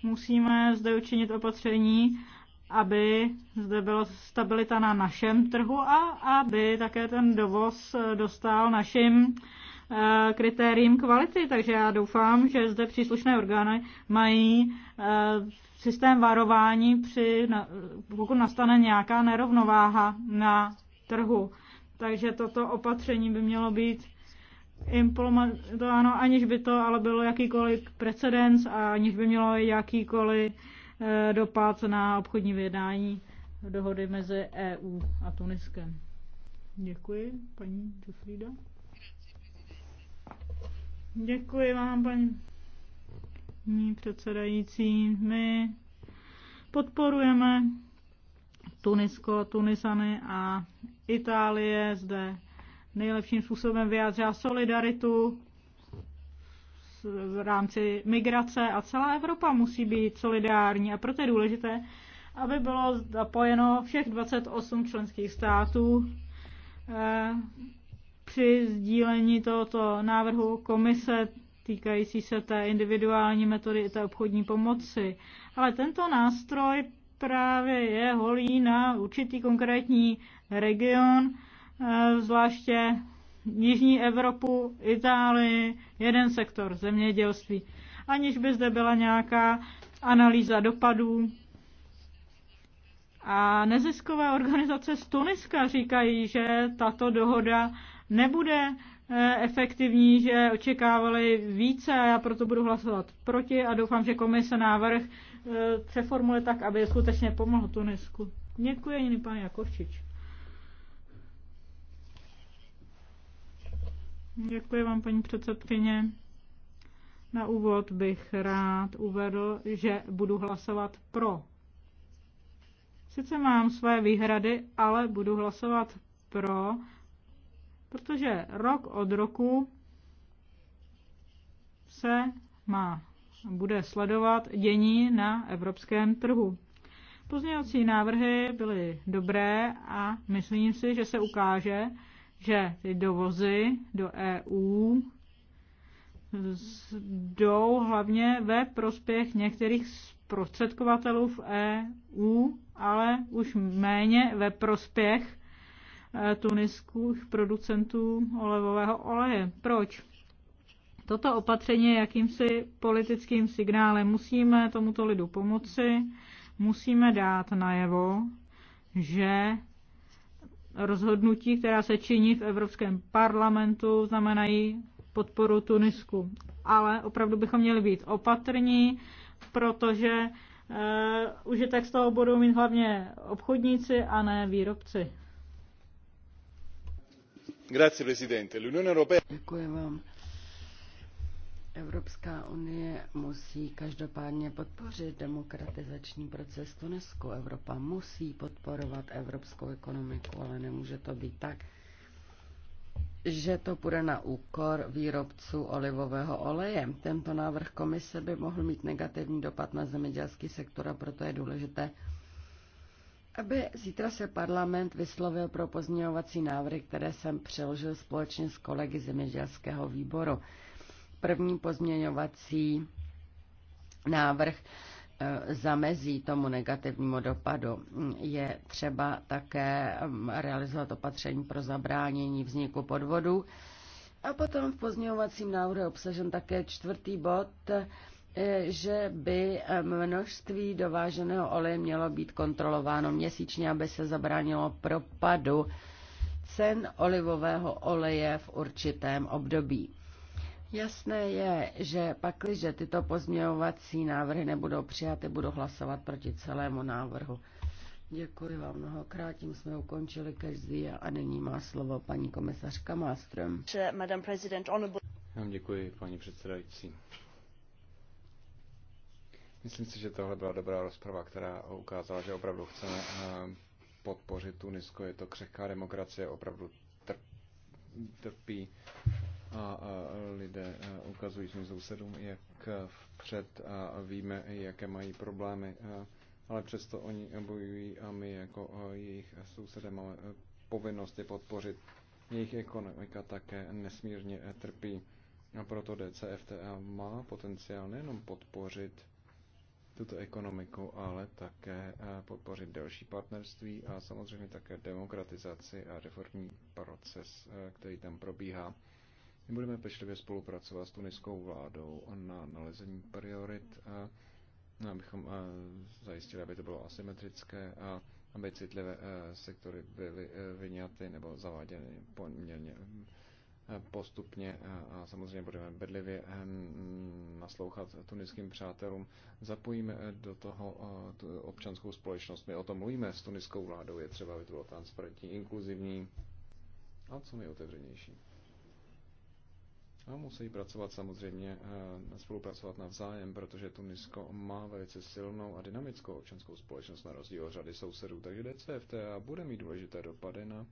musíme zde učinit opatření, aby zde byla stabilita na našem trhu a aby také ten dovoz dostal našim eh, kritériím kvality. Takže já doufám, že zde příslušné orgány mají eh, systém varování, při, pokud nastane nějaká nerovnováha na trhu. Takže toto opatření by mělo být implementováno, aniž by to ale bylo jakýkoliv precedens a aniž by mělo jakýkoliv eh, dopad na obchodní vyjednání dohody mezi EU a Tuniskem. Děkuji, paní Jufrida. Děkuji vám, paní předsedající. My podporujeme Tunisko, Tunisany a Itálie zde nejlepším způsobem vyjádřila solidaritu v rámci migrace a celá Evropa musí být solidární a proto je důležité, aby bylo zapojeno všech 28 členských států eh, při sdílení tohoto návrhu komise týkající se té individuální metody i té obchodní pomoci. Ale tento nástroj právě je holí na určitý konkrétní region, eh, zvláště Jižní Evropu, Itálii, jeden sektor zemědělství, aniž by zde byla nějaká analýza dopadů. A neziskové organizace z Tuniska říkají, že tato dohoda nebude eh, efektivní, že očekávali více a já proto budu hlasovat proti a doufám, že komise návrh přeformuluje eh, tak, aby skutečně pomohl Tunisku. Děkuji, jiný pan Jakovčič. Děkuji vám, paní předsedkyně. Na úvod bych rád uvedl, že budu hlasovat pro. Sice mám své výhrady, ale budu hlasovat pro, protože rok od roku se má bude sledovat dění na evropském trhu. Pozměňovací návrhy byly dobré a myslím si, že se ukáže, že ty dovozy do EU jdou hlavně ve prospěch některých zprostředkovatelů v EU, ale už méně ve prospěch eh, tuniských producentů olevového oleje. Proč? Toto opatření je jakýmsi politickým signálem. Musíme tomuto lidu pomoci, musíme dát najevo, že rozhodnutí, která se činí v Evropském parlamentu, znamenají podporu Tunisku. Ale opravdu bychom měli být opatrní, protože uh, už je tak z toho budou mít hlavně obchodníci
a ne výrobci.
Grazie, Presidente. L'Unione
Europea... Děkuji vám. Evropská unie musí každopádně podpořit demokratizační proces Tunesku. Evropa musí podporovat evropskou ekonomiku, ale nemůže to být tak, že to půjde na úkor výrobců olivového oleje. Tento návrh komise by mohl mít negativní dopad na zemědělský sektor a proto je důležité, aby zítra se parlament vyslovil pro pozměňovací návrhy, které jsem přeložil společně s kolegy zemědělského výboru první pozměňovací návrh e, zamezí tomu negativnímu dopadu. Je třeba také mm, realizovat opatření pro zabránění vzniku podvodu. A potom v pozměňovacím návrhu je obsažen také čtvrtý bod, e, že by e, množství dováženého oleje mělo být kontrolováno měsíčně, aby se zabránilo propadu cen olivového oleje v určitém období. Jasné je, že pakliže tyto pozměňovací návrhy nebudou přijaty, budu hlasovat proti celému návrhu. Děkuji vám mnohokrát, tím jsme ukončili každý a nyní má slovo paní komisařka Já
Děkuji, paní předsedající. Myslím si, že tohle byla dobrá rozprava, která ukázala, že opravdu chceme eh, podpořit Tunisko. Je to křehká demokracie, opravdu trpí a lidé ukazují svým sousedům, jak vpřed a víme, jaké mají problémy, ale přesto oni bojují a my jako jejich sousedé máme povinnost je podpořit. Jejich ekonomika také nesmírně trpí a proto DCFT má potenciál nejenom podpořit tuto ekonomiku, ale také podpořit další partnerství a samozřejmě také demokratizaci a reformní proces, který tam probíhá. My budeme pečlivě spolupracovat s tuniskou vládou na nalezení priorit, a, abychom a, zajistili, aby to bylo asymetrické a aby citlivé sektory byly vyňaty nebo zaváděny poměrně postupně a samozřejmě budeme bedlivě naslouchat tuniským přátelům. Zapojíme do toho občanskou společnost. My o tom mluvíme s tuniskou vládou, je třeba, aby to bylo transparentní, inkluzivní a co nejotevřenější. No, musí pracovat samozřejmě, eh, spolupracovat navzájem, protože Tunisko má velice silnou a dynamickou občanskou společnost na rozdíl od řady sousedů. Takže DCFTA bude mít důležité dopady na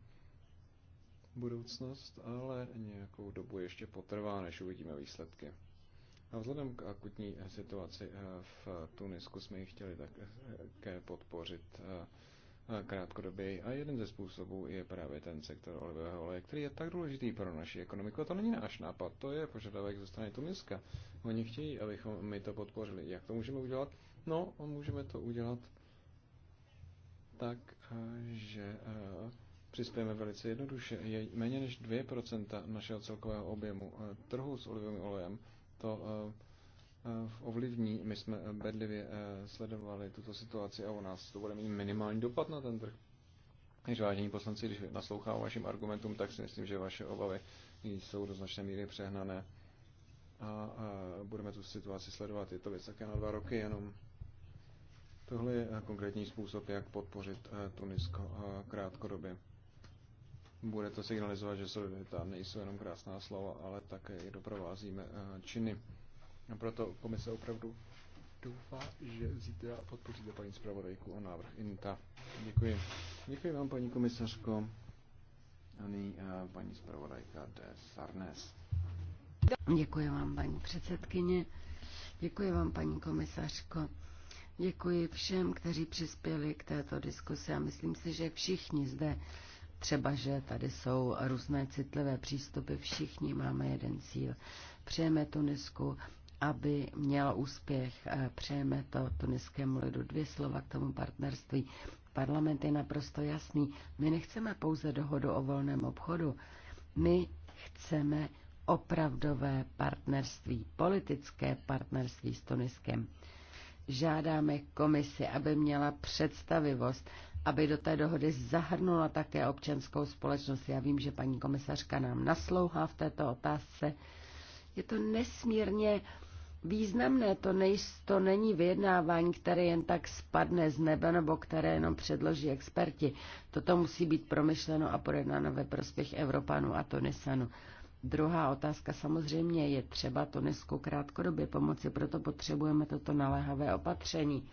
budoucnost, ale nějakou dobu ještě potrvá, než uvidíme výsledky. A vzhledem k akutní eh, situaci eh, v Tunisku jsme ji chtěli také podpořit krátkodobě. a jeden ze způsobů je právě ten sektor olivového oleje, který je tak důležitý pro naši ekonomiku. A to není náš nápad, to je požadavek ze strany Tuniska. Oni chtějí, abychom my to podpořili. Jak to můžeme udělat? No, můžeme to udělat tak, že přispějeme velice jednoduše. Je méně než 2% našeho celkového objemu trhu s olivovým olejem. To ovlivní. My jsme bedlivě eh, sledovali tuto situaci a u nás to bude mít minimální dopad na ten trh. Takže vážení poslanci, když naslouchám vašim argumentům, tak si myslím, že vaše obavy jsou do značné míry přehnané. A, a budeme tu situaci sledovat. Je to věc také na dva roky jenom. Tohle je eh, konkrétní způsob, jak podpořit eh, Tunisko krátkodobě. Bude to signalizovat, že solidarita nejsou jenom krásná slova, ale také i doprovázíme činy. A proto komise opravdu doufá, že zítra podpoříte paní zpravodajku o návrh INTA. Děkuji. Děkuji vám, paní komisařko. A nyní eh, paní zpravodajka de Sarnes.
Děkuji vám, paní předsedkyně. Děkuji vám, paní komisařko. Děkuji všem, kteří přispěli k této diskusi a myslím si, že všichni zde, třeba že tady jsou různé citlivé přístupy, všichni máme jeden cíl. Přejeme Tunisku aby měla úspěch. Eh, přejeme to tuniskému lidu dvě slova k tomu partnerství. Parlament je naprosto jasný. My nechceme pouze dohodu o volném obchodu. My chceme opravdové partnerství, politické partnerství s Tuniskem. Žádáme komisi, aby měla představivost, aby do té dohody zahrnula také občanskou společnost. Já vím, že paní komisařka nám naslouhá v této otázce. Je to nesmírně významné, to, nejs, to není vyjednávání, které jen tak spadne z nebe nebo které jenom předloží experti. Toto musí být promyšleno a projednáno ve prospěch Evropanů a Tunisanu. Druhá otázka samozřejmě je třeba Tunisku krátkodobě pomoci, proto potřebujeme toto naléhavé opatření.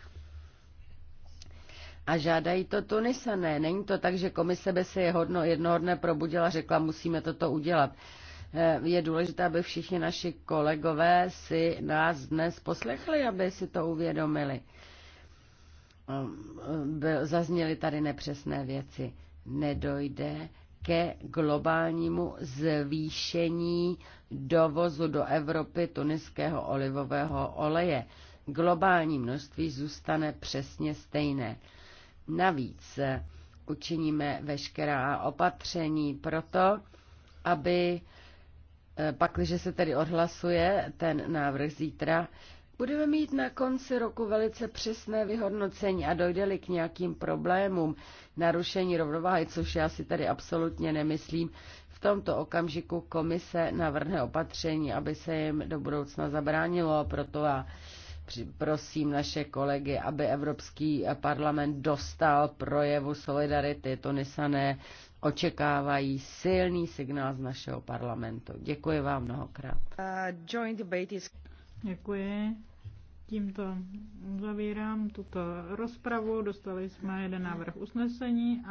A žádají to Tunisané. Není to tak, že komise by se je hodno, jednoho dne probudila a řekla, musíme toto udělat. Eh, je důležité, aby všichni naši kolegové si nás dnes poslechli, aby si to uvědomili. Ehm, eh, zazněly tady nepřesné věci. Nedojde ke globálnímu zvýšení dovozu do Evropy tuniského olivového oleje. Globální množství zůstane přesně stejné. Navíc eh, učiníme veškerá opatření proto, aby Eh, pakliže se tedy odhlasuje ten návrh zítra, budeme mít na konci roku velice přesné vyhodnocení a dojde-li k nějakým problémům narušení rovnováhy, což já si tady absolutně nemyslím, v tomto okamžiku komise navrhne opatření, aby se jim do budoucna zabránilo, proto já prosím naše kolegy, aby Evropský parlament dostal projevu solidarity Tunisané očekávají silný signál z našeho parlamentu. Děkuji vám mnohokrát.
Uh, joint debate is... Děkuji. Tímto zavírám tuto rozpravu. Dostali jsme jeden návrh usnesení a